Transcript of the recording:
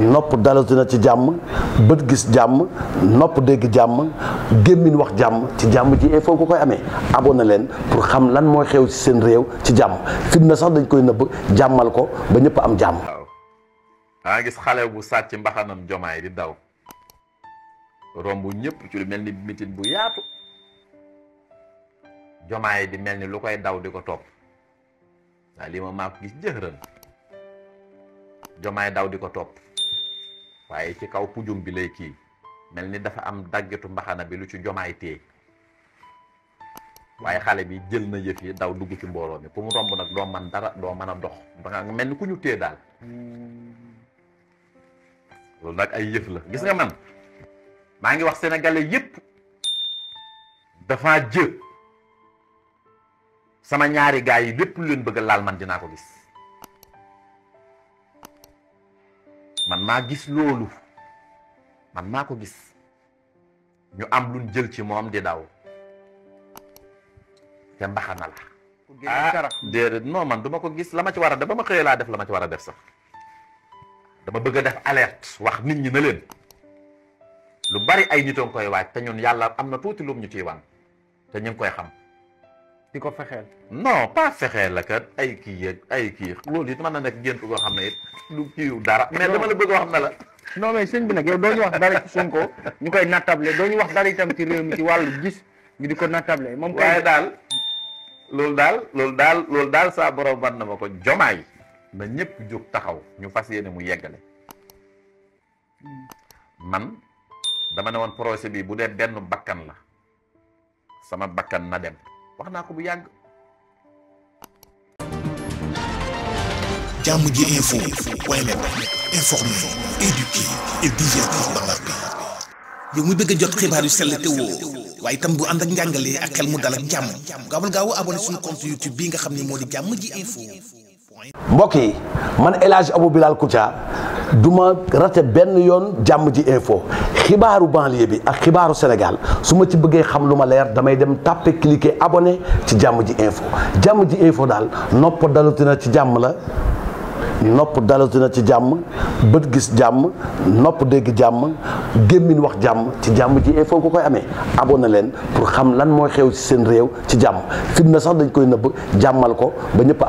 nopp dalatu na ci jàmm bët gis jàmm nopp dégg jàmm gémmiñ wax jàmm ci jàmm ji il faut nga koy amee abonné leen pour xam lan mooy xew ci seen réew ci jàmm fitna sax dañ koy nëbb jàmmal ko ba ñëpp am jàmm waaw gis xale bu sàcc mbaxanam jomaay di daw romb ñëpp ci lu mel ni mitin bu yaatu jomaay di mel ni lu koy daw di ko topp waaye lii ma maa ko gis jëxëran jomaay daw di ko topp waaye ci kaw pujum bi lay kii mel ni dafa am daggitu mbaxana bi lu ci jomaay téye waaye xale bi jël na yëf yi daw dugg ci mbooloo mi ku mu romb nag doo man dara doo mën a dox danga mel ni ku ñu téye daal loolu nag ay yëf la gis nga man maa ngi wax sénégalais yépp dafa jë sama ñaari gaay yi lépp lu leen bëgg laal man dinaa ko gis maa gis loolu man maa ko gis ñu am luñ jël ci moom di daw te mbaxana la ah déedéet non man du ma ko gis la ma ci war a def ba ma xëyee laa def la ma ci war a def sax dama bëgg a def alerte wax nit ñi na leen lu bari ay nitoon koy waaj te ñun yàlla am na tuuti lum ñu ciy te ñu ngi koy xam di ko fexeel. non pas fexeel la kat ay kii yeeg ay kii loolu it mën na nekk gént goo xam ne it du dara. mais la bëgg wax ne la. non mais sëñ bi nag yow doo ñu wax dara ci Sonko ñu koy nattable doo ñu wax dara itam ci réew mi ci wàllu gis ñu di ko nattable. moom waaye daal loolu daal loolu daal loolu daal saa borom ban na ma ko jomaay na ñëpp jóg taxaw ñu fas yéene mu yeggale. man dama ne woon projet bi bu dee benn bakkan la sama bakkan na dem. wax naa ko bu yàgg. jàmm ji info waaye nag informer, éduquer et divertir bu ànd ak njàngalee ak xel mu dal ak jàmm gaawal gaaw abonné suñu nga xam ne moo di jàmm ji info. mbokk yi man El Hadj Abou Bilal Koutia du rate benn yoon jàmm ji info. xibaaru banlieue bi ak xibaaru Sénégal su ma ci bëggee xam lu ma leer damay dem tàppe cliquer abonné ci jàmm ji info jàmm ji info daal nopp dalutina ci jàmm la nopp dalutina ci jàmm bët gis jàmm nopp dégg jàmm gémmiñ wax jàmm ci jàmm ji info nga koy amee abonné leen pour xam lan mooy xew ci seen réew ci jàmm fitna sax dañ koy nëbb jàmmal ko ba ñëpp